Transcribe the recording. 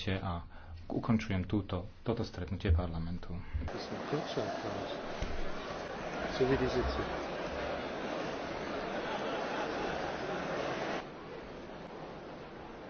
ešte a ukončujem túto, toto stretnutie parlamentu.